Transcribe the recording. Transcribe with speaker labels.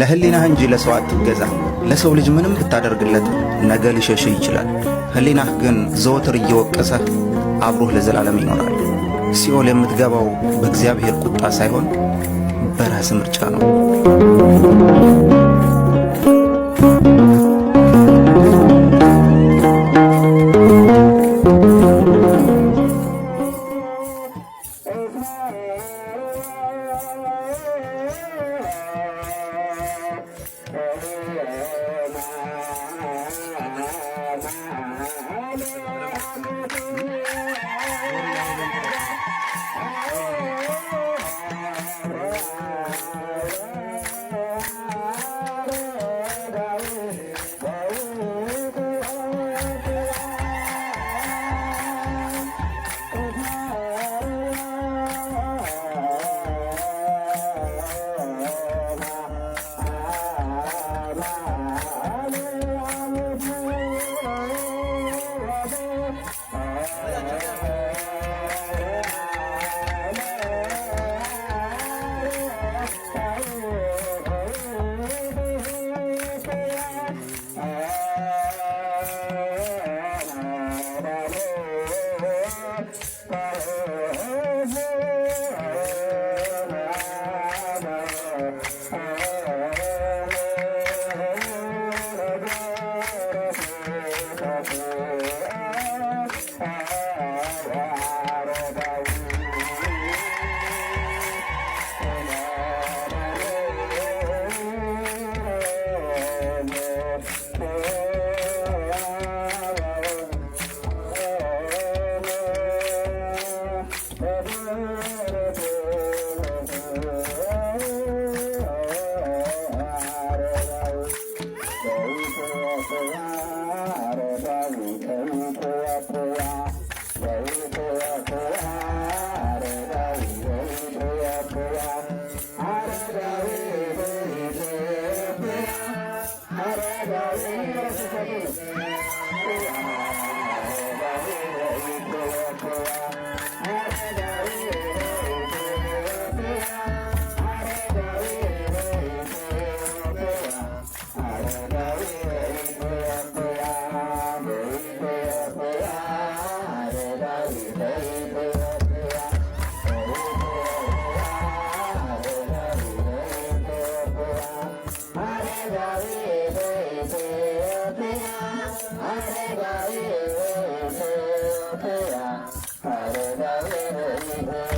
Speaker 1: ለህሊናህ እንጂ ለሰው አትገዛ። ለሰው ልጅ ምንም ብታደርግለት ነገ ሊሸሽህ ይችላል። ህሊናህ ግን ዘወትር እየወቀሰህ አብሮህ ለዘላለም ይኖራል። ሲኦል የምትገባው በእግዚአብሔር ቁጣ ሳይሆን በራስ ምርጫ ነው።
Speaker 2: হরে করো Yeah. Yeah.